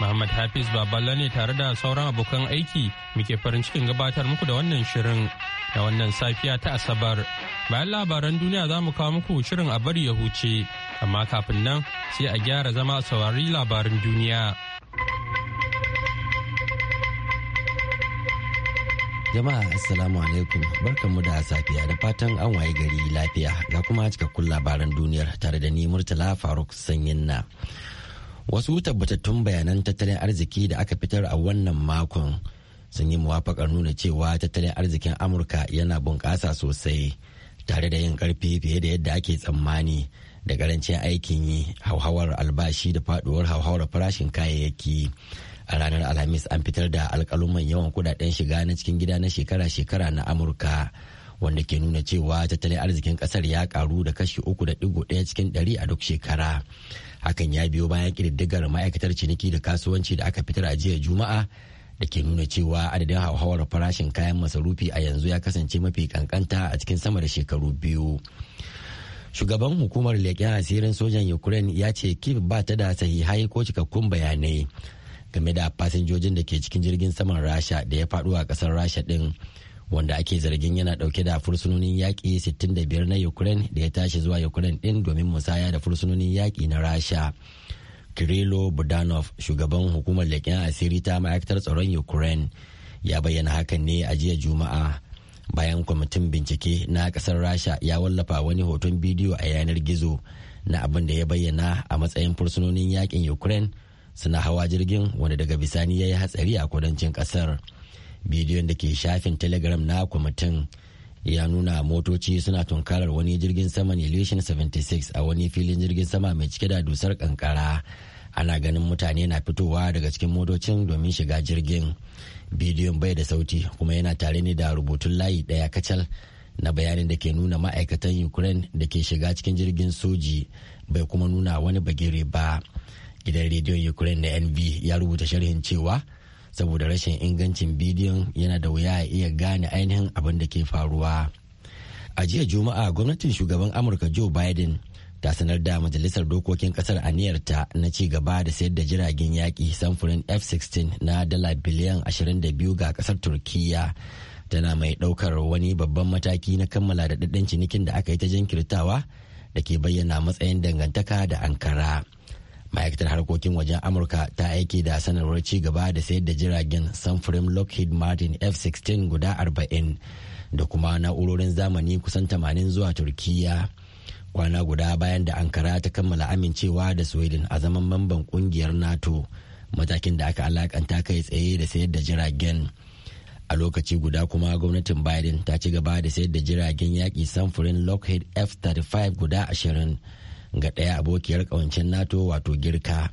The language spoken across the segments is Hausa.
Muhammad Hafiz Baballa ne tare da sauran abokan aiki muke farin cikin gabatar muku da wannan shirin da wannan safiya ta Asabar. Bayan labaran duniya za mu kawo muku shirin a bari ya huce, amma kafin nan sai a gyara zama a saurari labarin duniya. Jama'a Assalamu alaikum barkanmu da safiya da fatan an waye gari lafiya ga kuma cikakkun labaran duniyar tare da ni Murtala Faruk Sanyin na. wasu tabbatattun bayanan tattalin arziki da aka fitar a wannan makon sun yi muwafakar nuna cewa tattalin arzikin amurka yana bunƙasa sosai tare da yin ƙarfi fiye da yadda ake tsammani da karancin aikin yi hauhawar albashi da faɗuwar hauhawar farashin kayayyaki a ranar alhamis an fitar da alkaluman yawan kudaden shiga na cikin gida na shekara-shekara na amurka wanda ke nuna cewa tattalin arzikin ƙasar ya karu da kashi uku da digo ɗaya cikin ɗari a duk shekara hakan ya biyo bayan ƙididdigar ma'aikatar ciniki da kasuwanci da aka fitar a jiya juma'a da ke nuna cewa adadin hauhawar farashin kayan masarufi a yanzu ya kasance mafi kankanta a cikin sama da shekaru biyu shugaban hukumar leƙen asirin sojan ukraine ya ce kif ba ta da sahihai ko cikakkun bayanai game da fasinjojin da ke cikin jirgin saman rasha da ya faɗo a ƙasar rasha ɗin. wanda ake zargin yana dauke da fursunonin yaƙi 65 na ukraine da ya tashi zuwa ukraine din domin musaya da fursunonin yaƙi na rasha kirilo budanov shugaban hukumar leƙen asiri ta ma'aikatar tsaron ukraine ya bayyana hakan ne a jiya juma'a bayan kwamitin bincike na ƙasar rasha ya wallafa wani hoton bidiyo a yanar gizo na abin da ya bayyana a matsayin fursunonin yaƙin ukraine suna hawa jirgin wanda daga bisani ya yi hatsari a kudancin ƙasar. bidiyon da ke shafin telegram na kwamitin ya nuna motoci suna tunkarar wani jirgin sama ne lushin 76 a wani filin jirgin sama mai cike da dusar kankara ana ganin mutane na fitowa daga cikin motocin domin shiga jirgin bidiyon bai da sauti kuma yana tare ne da rubutun layi daya kacal na bayanin da ke nuna ma'aikatan ukraine da ke shiga cikin jirgin soji bai kuma nuna wani bagire ba gidan rediyon ukraine na nv ya rubuta sharhin cewa saboda rashin ingancin bidiyon yana da wuya ya iya gane ainihin abin da ke faruwa a jiya juma'a gwamnatin shugaban amurka joe biden ta sanar da majalisar dokokin kasar aniyarta na ci gaba da sayar da jiragen yaƙi samfurin f-16 na dala biliyan 22 ga kasar turkiyya tana mai ɗaukar wani babban mataki na kammala da cinikin da aka yi ta jinkirtawa da ke bayyana matsayin dangantaka da ankara ma'aikatar harkokin wajen amurka ta aiki da sanarwar ci gaba da sayar da jiragen samfurin lockheed martin f-16 guda 40 da kuma na'urorin zamani kusan 80 zuwa turkiya kwana guda bayan da ankara ta kammala amincewa da sweden a zaman mamban kungiyar nato matakin da aka alakanta kai tsaye da sayar da jiragen a lokaci guda kuma gwamnatin biden ta ci gaba da sayar da jiragen yaƙi samfurin lockheed f-35 guda ashirin. ga ɗaya abokiyar ƙawancen nato wato girka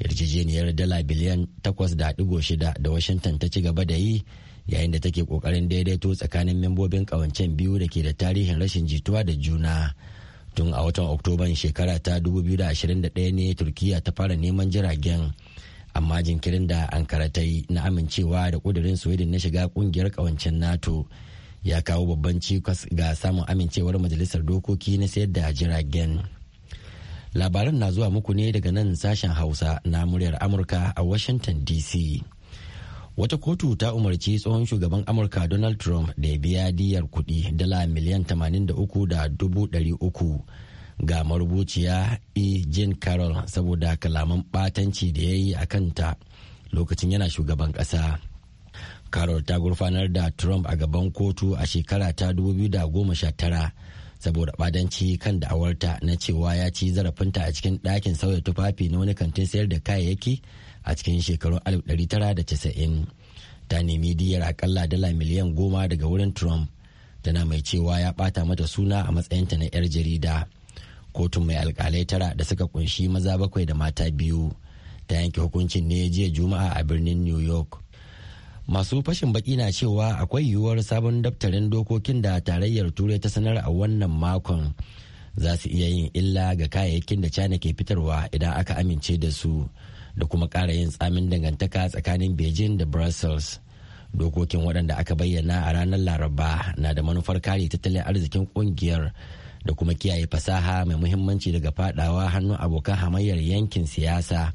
yarjejeniyar dala biliyan takwas da shida da washington ta ci gaba da yi yayin da take kokarin daidaito tsakanin membobin ƙawancen biyu da ke da tarihin rashin jituwa da juna tun a watan oktoban shekara ta 2021 ne turkiya ta fara neman jiragen amma jinkirin da ankara ta yi na amincewa da ƙudirin sweden na shiga ƙungiyar kawancin nato ya kawo babban cikas ga samun amincewar majalisar dokoki na sayar da jiragen labaran na zuwa muku ne daga nan sashen hausa na muryar amurka a washington dc wata kotu ta umarci tsohon shugaban amurka donald trump da ya biya diyar kudi dala miliyan 83,300 ga marubuciya e jean carroll saboda kalaman batanci da ya yi a kanta lokacin yana shugaban kasa carroll ta gurfanar da trump a gaban kotu a shekara ta 2019 saboda badanci kan da'awarta na cewa ya ci zarafinta a cikin ɗakin sauya tufafi na wani kantin sayar da kayayyaki a cikin shekarun 1990 ta nemi diyar akalla dala miliyan goma daga wurin trump tana mai cewa ya ɓata mata suna a matsayinta na 'yar jarida kotun mai alkalai tara da suka kunshi maza bakwai da mata biyu ta yanke hukuncin ne jiya juma'a a birnin new york masu fashin baki na cewa akwai yiwuwar sabon daftarin dokokin da tarayyar turai ta sanar a wannan makon za su iya yin illa ga kayayyakin da china ke fitarwa idan aka amince da su da kuma ƙara yin tsamin dangantaka tsakanin beijing da brussels dokokin waɗanda aka bayyana a ranar laraba na da manufar kare tattalin arzikin ƙungiyar da kuma kiyaye fasaha mai muhimmanci daga fadawa hannun abokan hamayyar yankin siyasa.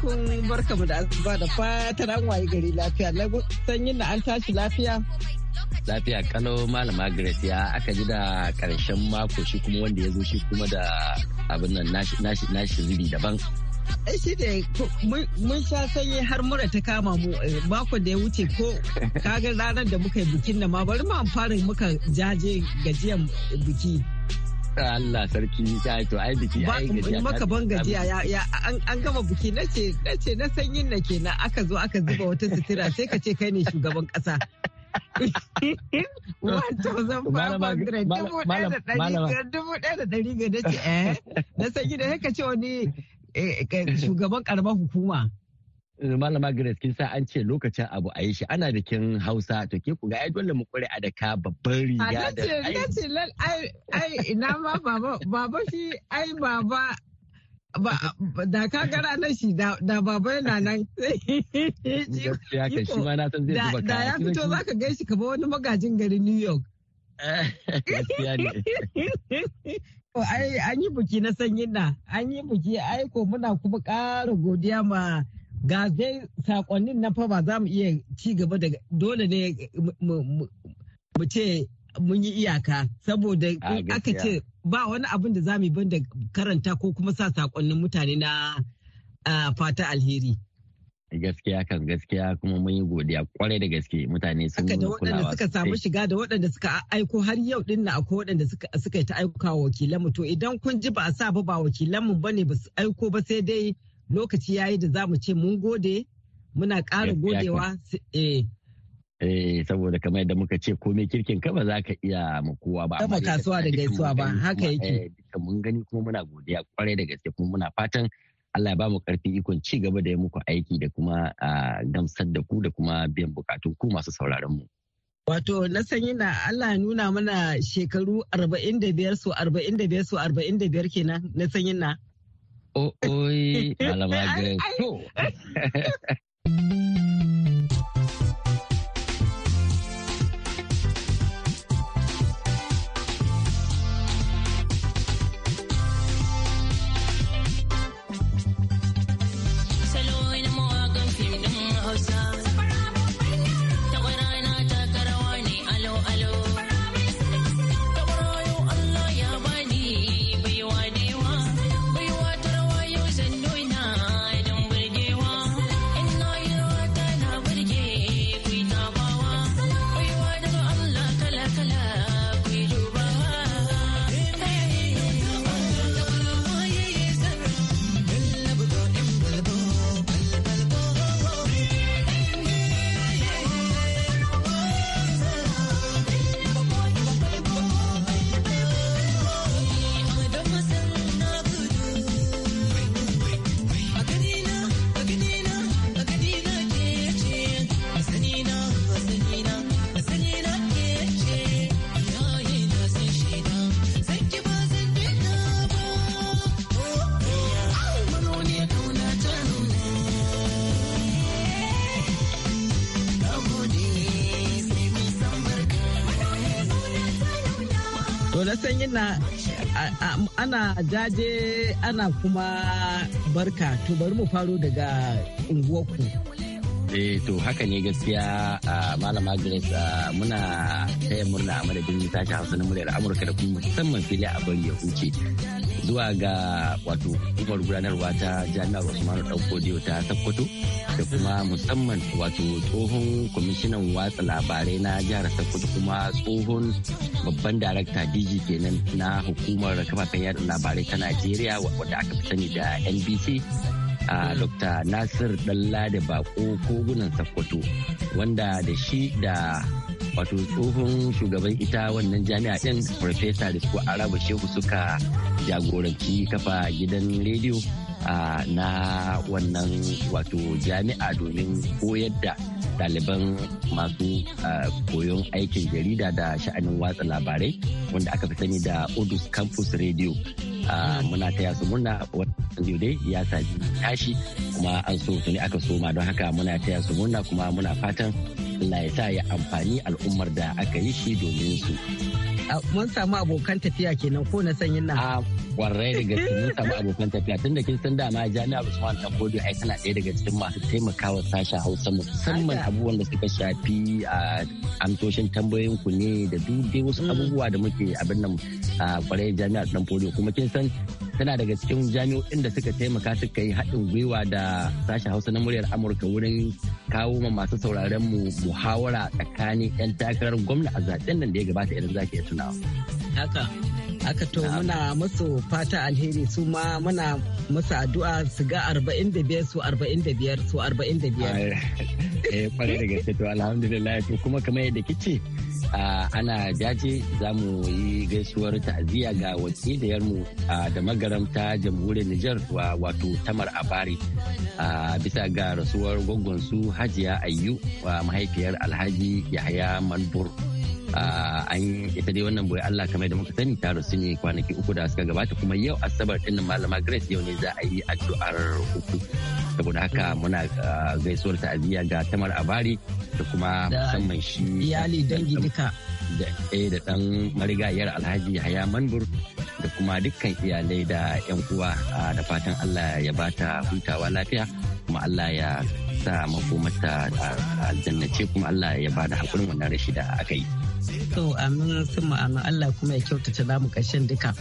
alaikum mu da asuba da fatan an waye gari lafiya na sanyin na an tashi lafiya lafiya kano malama grace ya aka ji da karshen mako shi kuma wanda ya zo shi kuma da abin nan nashi nashi zubi daban eh, shi da mun sha sanyi har mura ta kama mu eh, mako da ya wuce ko kaga ranar da muka yi bikin na ma bari mu fara muka jaje gajiyan biki Allah sarki ya to ai biki ai gajiya maka ban gajiya ya an gama biki nace nace na sanyin na kenan aka zo aka zuba wata sitira sai ka ce kai ne shugaban kasa eh? na sanyi da ka ce wani eh, eh, shugaban karamar hukuma. malama Grace kin sa an ce lokacin abu a yi shi ana bikin Hausa to ke ku ga ai dole mu kware a da ka babban riga da ai ai ina ma baba baba shi ai baba da ka gara na shi da baba yana nan gaskiya kai shi ma na san zai zuba da ya fito zaka ga shi kaba wani magajin gari New York gaskiya ne ai an yi buki na sanyin na an yi buki ai ko muna kuma ƙara godiya ma ga dai sakonnin na fa ba za mu iya ci gaba da dole ne mu ce mun yi iyaka saboda aka ce ba wani abin da za mu yi da karanta ko kuma sa sakonnin mutane na fata alheri. gaskiya kan gaskiya kuma mun yi godiya kwarai da gaske mutane sun kula kulawa da waɗanda suka samu shiga da waɗanda suka aiko har yau din na akwai waɗanda suka yi ta aikawa wa wakilanmu to idan kun ji ba a sa ba ba wakilanmu ba ne ba su aiko ba sai dai lokaci ya yi da za mu ce mun gode muna ƙara godewa eh Eh, saboda kamar yadda muka ce komai kirkin ka ba za ka iya ma kowa ba. Kafa kasuwa da gaisuwa ba haka yake. Eh, duka mun gani kuma muna godiya kwarai da gaske kuma muna fatan Allah ya ba mu karfi ikon ci gaba da ya muku aiki da kuma gamsar da ku da kuma biyan bukatun ku masu sauraron mu. Wato na san yana Allah ya nuna mana shekaru 45 su 45 da 45 kenan na san yana. O'oi, Malama Grace. ana ana jaje ana kuma barka to bari mu faro daga unguwarku eh to haka ne gaskiya a malama grace muna taya murna a madadin sashen hausa na muryar amurka da kuma musamman fili a bari ya huce zuwa ga wato hukumar gudanarwa ta jami'ar Usmanu da ta Sokoto da kuma musamman wato tsohon kwamishinan watsa labarai na jihar Sokoto kuma tsohon babban darakta DG kenan na hukumar kafafen yada labarai ta Najeriya wadda aka fi sani da NBC a Dr. Nasir Dalla da Bako kogunan Sokoto wanda da shi da wato tsohon shugaban ita wannan jami'a ɗin Profesa da suka Arabu Shehu suka jagoranci kafa gidan rediyo na wannan wato jami'a domin koyar da ɗaliban masu koyon aikin jarida da sha'anin watsa labarai wanda aka fi sani da Odus Campus Radio. muna ta yasu murna wannan dai ya sami tashi kuma an so su ne aka soma don haka muna ta yasu murna kuma muna fatan Allah ya sa ya amfani al'ummar da aka yi shi domin su. Mun samu abokan tafiya kenan ko na sanyin nan. Warrai daga cikin mun samu abokan tafiya tun da kin san dama jami'ar Usman Tambodi ai tana ɗaya daga cikin masu taimakawa sashen Hausa musamman abubuwan da suka shafi a amsoshin tambayoyin ku ne da duk dai wasu mm. abubuwa da muke abin nan kwarai jami'ar Tambodi kuma kin san tana daga cikin jami'o'in da suka taimaka suka yi haɗin gwiwa da sashen Hausa na muryar Amurka wurin kawo ma masu sauraren mu muhawara tsakanin 'yan takarar gwamna a zaben nan da ya gabata idan za ya tunawa. Haka. Haka to muna musu fata alheri su ma muna musu addu'a su ga 45 su 45 su 45. Eh kwarai da gaske to alhamdulillah to kuma kamar yadda kice ana jaje za mu yi gaisuwar ta'aziyya ga wakiliyarmu da magaramta jamhuriyar Nijar wato Tamar Abari bisa ga rasuwar gwaggonsu Hajiya Ayyu mahaifiyar Alhaji Yahaya Manbur. Ah, an ita dai wannan boye Allah kamar da muka sani ta rasu ne kwanaki uku da suka gabata kuma yau asabar din malama Grace yau ne za a yi addu'ar uku saboda haka muna ah, gaisuwar ta'aziyya ga Tamar Abari da kuma musamman shi iyali dangi duka da eh, da dan marigayar Alhaji Yahaya Manbur da kuma dukkan iyalai da yan uwa ah, da fatan Allah ya bata hutawa lafiya kuma Allah ya sa makomata aljanna ce kuma Allah ya bada hakurin wannan rashida da aka yi. To amin sun ma'ana Allah kuma ya kyautata namu ƙarshen duka.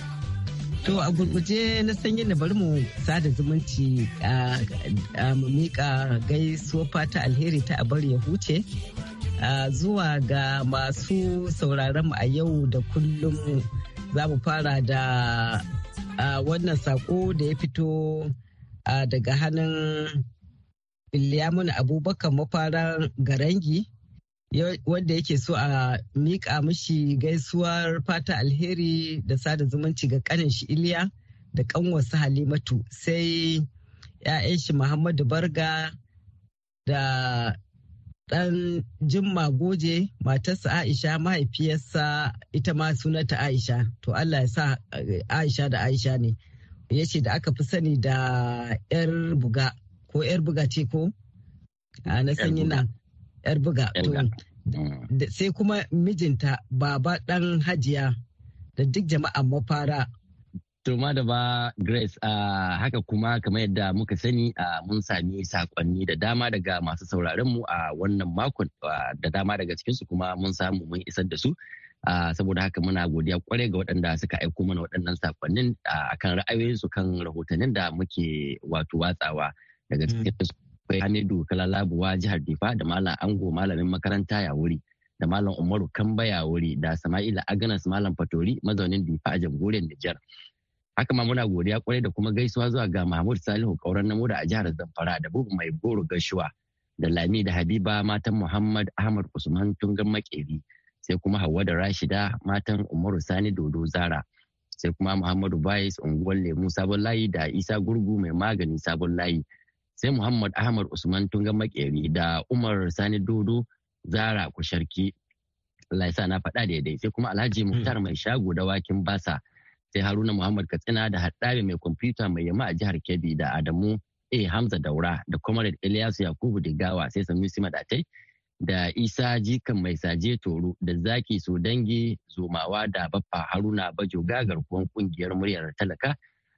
To a gurguje na sanyi na bari mu sada zumunci a mika gaisuwa fata alheri ta a bari ya huce zuwa ga masu sauraron mu a yau da kullum za mu fara da wannan sako da ya fito daga hannun iliyamun Abubakar mafaran Garangi. wanda yake so a miƙa mishi gaisuwar fata alheri da sada zumunci ga kanin shi Iliya da kanwarsa Halimatu sai 'ya'yan shi Muhammadu Barga da ɗan Jimma Goje matarsa Aisha mahaifiyarsa ita ma sunanta Aisha to Allah ya sa eh, Aisha da Aisha ne ya ce da aka fi sani da 'yar buga ko 'yar buga ce ko na sanyi na. yar buga mm. sai kuma mijinta baba dan hajiya da duk jama'a mafara To da ba Grace uh, haka kuma kamar yadda muka sani uh, mun sami sakonni da dama daga masu sauraron mu a uh, wannan makon da dama daga cikinsu kuma mun samu mun isar da su. saboda haka muna godiya kwarai ga waɗanda suka aiko mana waɗannan sakonnin a kan ra'ayoyinsu kan rahotannin da muke wato watsawa daga cikinsu. Mm. akwai hamidu kalalabuwa jihar difa da malam ango malamin makaranta ya wuri da malam umaru kamba ya wuri da sama'ila aganas malam fatori mazaunin difa a jamhuriyar nijar haka ma muna godiya kwarai da kuma gaisuwa zuwa ga mahmud salihu kauran namo da a jihar zamfara da bugu mai goro gashuwa da lami da habiba matan muhammad ahmad usman tungan makeri sai kuma Hauwa da rashida matan umaru sani dodo zara sai kuma muhammadu bayis unguwar lemu sabon layi da isa gurgu mai magani sabon layi sai Muhammad Ahmad Usman Tunga Makeri da Umar Sani Dodo Zara Kusharki. Allah ya sa na faɗa daidai sai kuma Alhaji muhtar hmm. mai shago da wakin basa sai Haruna Muhammad Katsina da Haɗari mai kwamfuta mai yamma a jihar Kebbi da Adamu A Hamza Daura da Comrade Iliyasu Yakubu Digawa sai Sanusi Madatai da isa jikan mai saje toro da zaki so dangi zomawa da baffa haruna bajo gagar kuwan kungiyar muryar talaka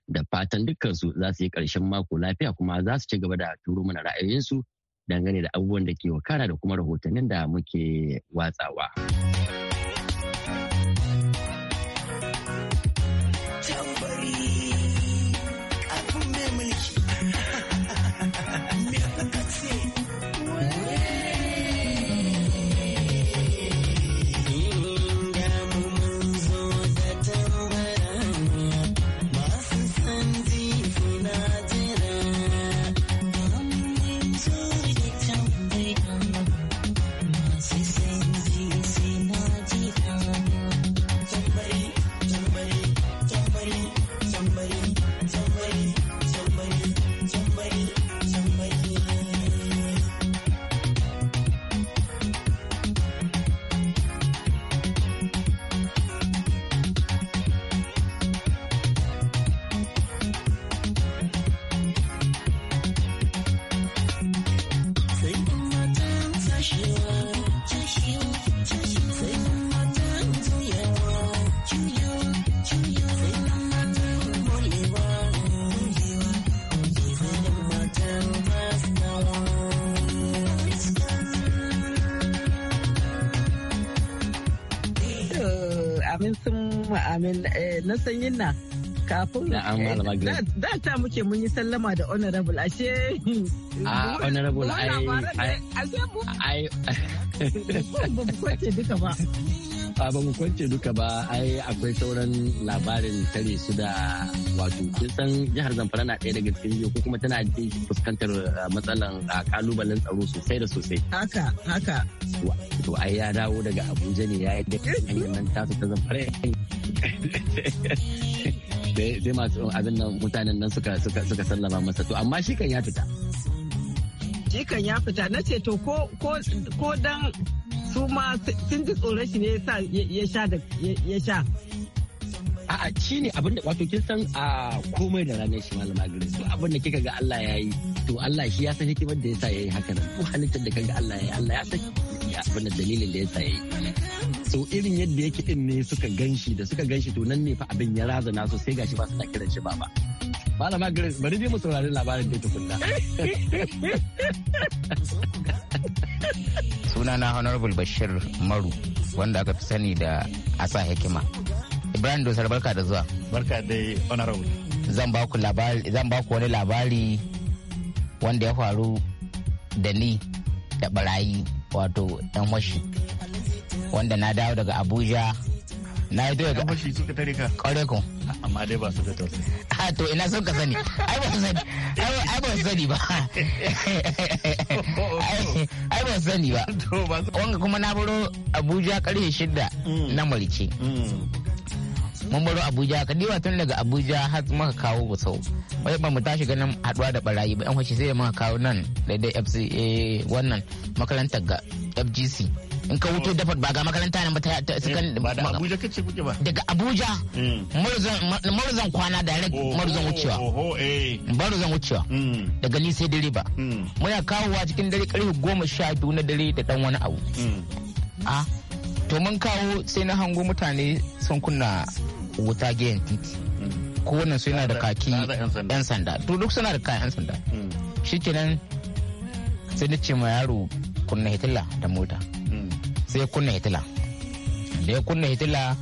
da fatan dukkansu za su yi ƙarshen mako lafiya kuma za su ci gaba da turo mana ra'ayoyinsu dangane da abubuwan da ke wakana da kuma rahotannin da muke watsawa. amin eh, na sanyin na kafin eh, da ta muke mun yi sallama da honorable ashe a ah, honorable ai ai ba mu kwance duka ba a ba mu kwance duka ba ai akwai sauran labarin tare su da wato kin san jihar Zamfara na ɗaya daga cikin ko kuma tana fuskantar ah, matsalan ah, kalubalen tsaro sosai da sosai haka haka to ai ya dawo daga Abuja ne ya yi hanyar nan tasu ta Zamfara dai masu abin nan mutanen nan suka suka sallama masa to amma shi kan ya fita shi kan ya fita na ce to ko ko dan su ma sun ji tsoron shi ne ya sha da ya sha a'a shi ne abinda wato kin san a komai da ranar shi malama gari su abinda kika ga Allah ya yi to Allah shi ya san hikimar da ya sa ya yi haka nan ko halittar da kaga Allah ya yi Allah ya san abinda dalilin da ya sa ya yi so irin yadda yake din ne suka ganshi da suka ganshi to nan ne fa abin ya razana so sai gashi ba su kiran shi ba ba malama grace bari dai mu saurari labarin da tukunna na honorable bashir maru wanda aka fi sani da asa hikima ibrahim dosar barka da zuwa barka dai honorable zan ba ku labari zan ba ku wani labari wanda ya faru da ni da barayi wato Dan washi wanda na dawo daga abuja na yi daga bashi suka tare ka amma dai ba su da tausayi ah, to ina son ka sani ai ba sani ai ba sani ba ai ba sani ba wanga kuma na baro abuja karfe shida mm. na mulki mm. mun baro abuja ka diwa tun daga abuja har muka kawo gusau wai ba mu tashi ganin haduwa da barayi ba yan hoshi sai da muka kawo nan daidai fca wannan makarantar ga fgc in ka wuto dafa ba ga makaranta nan ba ta eh, ba da Abuja kace kuke ba daga Abuja marzan hmm. kwana direct marzan wucewa eh. marzan wucewa hmm. daga ni sai dare ba hmm. muna kawowa cikin dare karfe goma sha biyu na dare da dan wani abu a ah, to mun kawo sai na hango mutane sun kunna wuta gayan titi kowannan su yana da kaki yan sanda to duk suna da kayan yan sanda shikenan sai na ce ma yaro kunna hitilla da mota sai kunna hitila da ya kunna hitila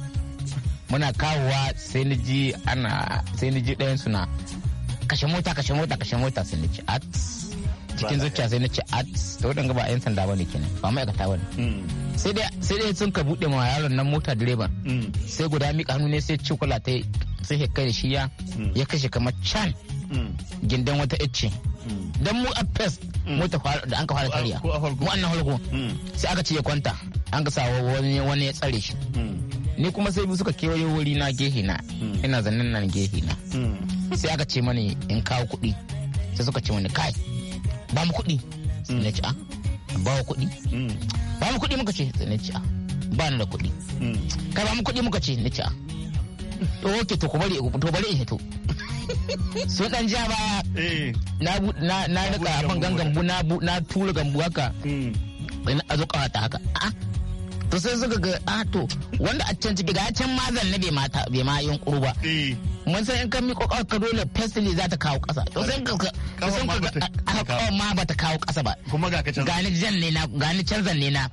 muna kawowa sai ni ji ana sai ni ji ɗayan suna kashe mota kashe mota kashe mota sai ni ci at cikin zuciya sai ni ci at to waɗanda ba 'yan sanda bane kenan ba ma'aikata bane hmm. sai dai sai dai sun ka bude ma yaron nan mota direban hmm. sai guda miƙa hannu ne sai ci kula ta sai ya kai shi ya hmm. ya kashe kamar can gindin wata icce dan mu a fes mota da an ka fara kariya mu annan halko sai aka ci ya kwanta an ka sawa wani wani ya tsare shi hmm. ni kuma sai bi suka kewaye wuri na gehe na hmm. ina zanen nan gehe na hmm. sai aka ce mani in kawo kuɗi sai suka ce mani kai ba mu kuɗi na ci a ah, ba mu kuɗi ba mu kuɗi muka ce na ci a ah, ba ni da kuɗi kai ba mu kuɗi muka ce na ci a ah, ok to ku bari to bari in hito sun dan ja ba eh. na na rika abin gangan bu na tura gambu haka a zo kawata haka to sai suka ga ato ah, wanda a can ciki ga can mazan na bai ma yunkuru ba eh. mun san in kan miko ka dole pestle za ta kawo kasa to san ka san ka ma ba ta kawo kasa ba kuma ga ka canza gani jan ne na gani canzan ne na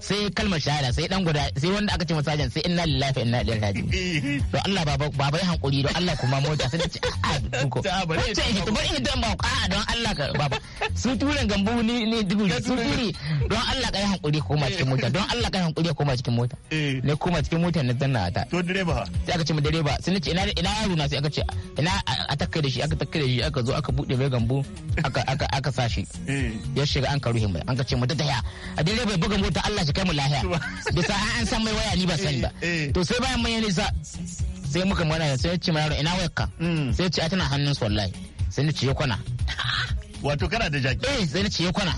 sai kalmar shahada sai dan guda sai wanda aka ce masa jan sai inna lillahi inna ilaihi raji'un eh. to Allah baba baba ya hankuri don Allah kuma mota sai ce a duko ce shi to bari ko ba a don Allah ka baba su turan gambu ni ni dubu su turi don Allah ka yi hankuri koma cikin mota don Allah ka yi hankuri koma cikin mota eh. ne koma cikin mota na zanna ta to direba sai aka ce mu direba sai ce ina ina na ya sai aka ce ina a takkai da shi aka takkai da shi aka zo aka bude mai gambo aka aka aka sa shi eh. ya shiga an karuhi mai an ka ce mu da ya a dai bai buga mota Allah shi kai mu lahiya bisa an san mai waya ni ba eh, sani ba eh. to sai bayan mun yi nisa sai muka mana sai ya ce mana ina wayar ka mm. sai ya ce a tana hannun su wallahi sai ni ce ya kwana wato kana da jaki eh sai ni ce ya kwana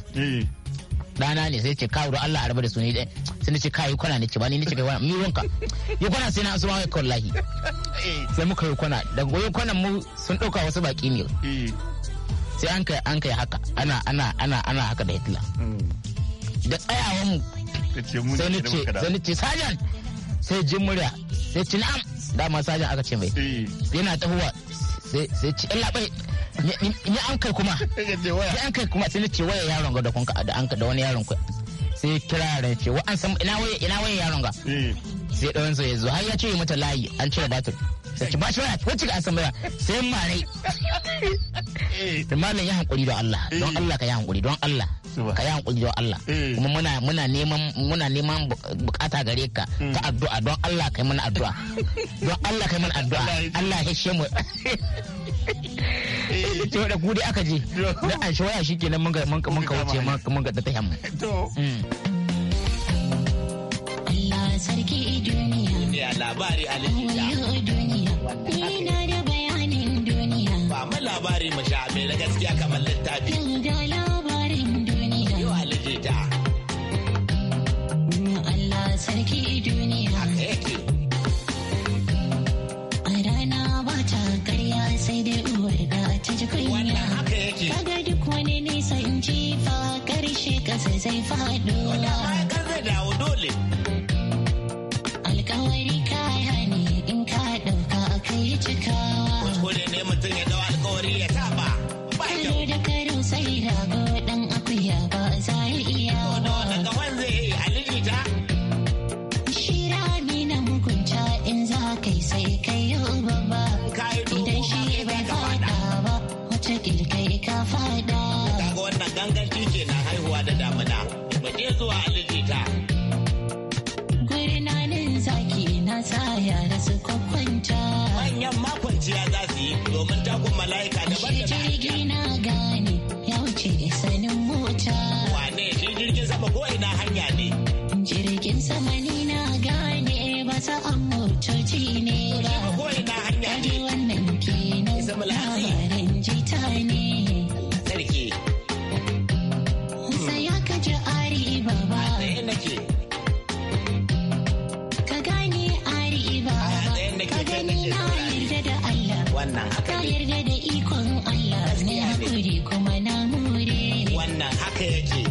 dana ne sai ce kawo da Allah a rabu da su ne dai sai nace kai kwana ce ba ni nace kai kwana miwonka wanka yi kwana sai na asuma kai wallahi eh. sai muka yi kwana daga goyon kwanan mu sun dauka wasu baki ne eh. sai an kai an kai haka ana ana ana ana haka da Hitler da tsayawan mu sai nace sai nace sajan sai jin murya sai ci na'am dama sajan aka ce mai eh. yana tahowa sai sai ci labai ni an kai kuma ni an kai kuma sai na ce waya yaron ga da kun da an da wani yaron ku sai kira da ce wa an san ina waya ina waya yaron ga eh. sai dawon so yazo har ya ce mata layi an ce batul sai ba shi waya wacce an san baya sai mare eh malam ya hankuri don Allah don Allah eh. ka ya hankuri don Allah ka yi hankuri don Allah eh. kuma muna muna neman muna neman bukata gare ka ta hmm. addu'a don Allah kai mana addu'a don Allah kai mana addu'a Allah ya shemu to da ku aka je da an shawara shi kenan mun ga mun ka wuce mun ga ta tayan to mm. Allah sarki duniya labari da bayanin duniya ba labari mu sha na gaskiya kamar littafi da labarin duniya Allah sarki duniya faɗo. Wata baya zai dawo dole. Alkawari ka hani in ka ɗauka kai cikawa. Kuskure ne mutum ya dawo alkawari ya da karo sai rago ɗan akuya ba za iya. yi alijita. Shira ni na mugunta in za kai sai kai yau Idan shi bai faɗa ba wata ƙirƙai ka faɗa. Kaga wannan gangan titi zuwa alaji ta. zaki na sa yara su kwakwanta. Manyan makwanciya za su yi domin takun mala'ika daban da yarda da ikon Allah na hakuri kuma na more wannan haka yake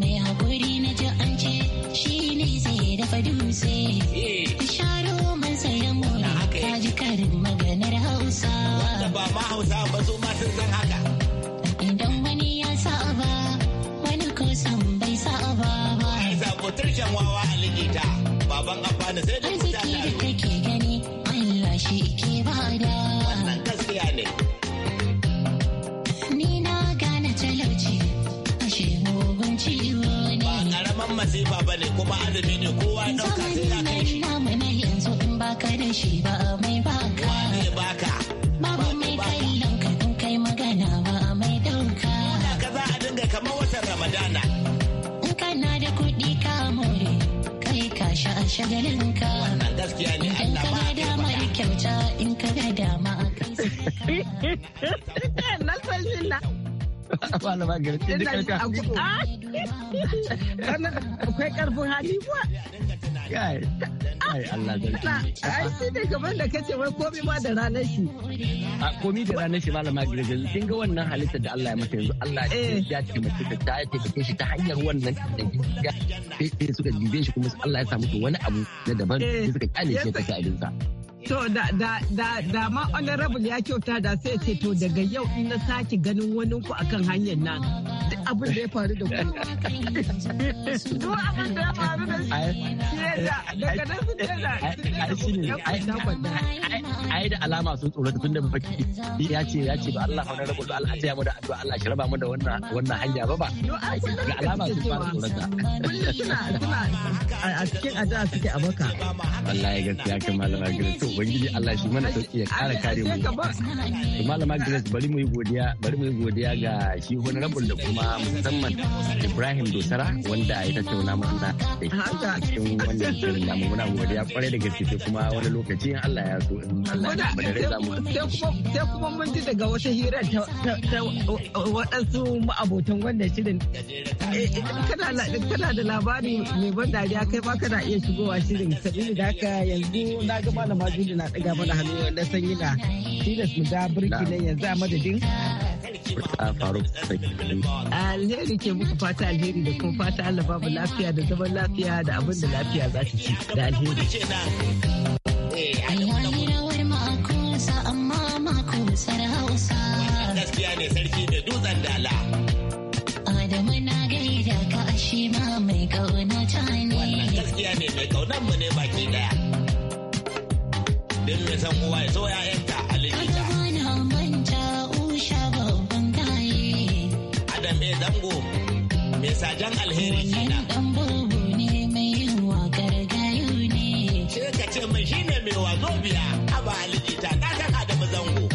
mai hakuri na ji an ce shi ne zai dafa dutse eh. sharo man sayan more ta ji karin maganar hausa wanda ba ma hausa ba su ma sun san haka idan wani ya saba wani kusan bai saba ba ai zabotar shan wawa a likita baban abba da sai da mutane masifa ba ne kuma azumi ne kowa ya sai ya kai shi. na yanzu in baka da shi ba mai baka. Babu mai kallon ka in kai magana ba mai ɗauka. Kuna ka za a dinga kamar watan Ramadana. In kana da kuɗi ka more kai ka sha ka. Wannan gaskiya ne Allah ba. da kyauta in kana dama a kai. Malama garci da karka. Akwai karfin hali kuwa. Kai. Ai Allah garci. Ai shi ne gaban da kace wai komi ma da ranar shi. A komi da ranar shi malama garci. Kin ga wannan halitta da Allah ya mata yanzu Allah ya eh. ce mace ta ta taimake shi ta hanyar wannan da ya suka dibe shi kuma Allah ya samu wani abu na daban eh. suka kyale shi ta abinsa. To da da da da ma honorable ya kyauta da sai ce to daga yau in na sake ganin wani ku akan hanyar nan duk abin da ya faru da ku. Duk abin da ya faru da shi daga nan su tana. Ai shi ne ai da alama sun tsoro tun da baki ya ce ya ce ba Allah rabu da Allah ya mu da addu'a Allah shi raba mu da wannan wannan hanya ba ba. Ga alama sun fara tsoro Suna suna a cikin addu'a suke a baka. Wallahi gaskiya kan malama gidan to ubangiji Allah shi mana sauki ya kara kare mu to malama Grace bari mu yi godiya bari mu yi godiya ga shi honorable da kuma musamman Ibrahim Dosara wanda ya tattauna Allah da cikin wannan shirin namu muna godiya kwarai da gaske sai kuma wani lokaci in Allah ya so in Allah ya bada za mu sai kuma mun ji daga wata hira ta waɗansu ma'abotan wannan shirin eh, kana da labari mai ban dariya kai ma kana iya shigowa shirin sabili da haka yanzu na ga malama Sa'idu na ɗiga mana hannu na sanyi na tilas mu da birki nan yanzu a madadin. Alheri ke muku fata alheri da kuma fata Allah babu lafiya da zaman lafiya da abin da lafiya za ta ci da alheri. Alwani rawar amma hausa. Gaskiya ne sarki da dala. Adamu na gaida ka ma mai kauna ne. Wannan gaskiya ne mai ne baki daya. dinga san uwa ya so ya'yanta a likita. Adam mai zango mai sajan alheri kenan. Sai ka ce mai shine mai wazo biya a ba likita na kan Adam zango.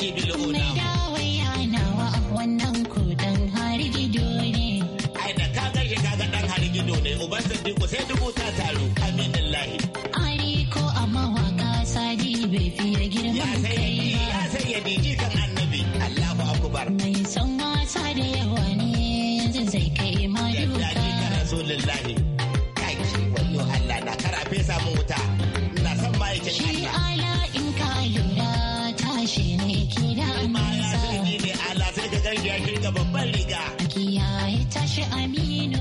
ake bil'ud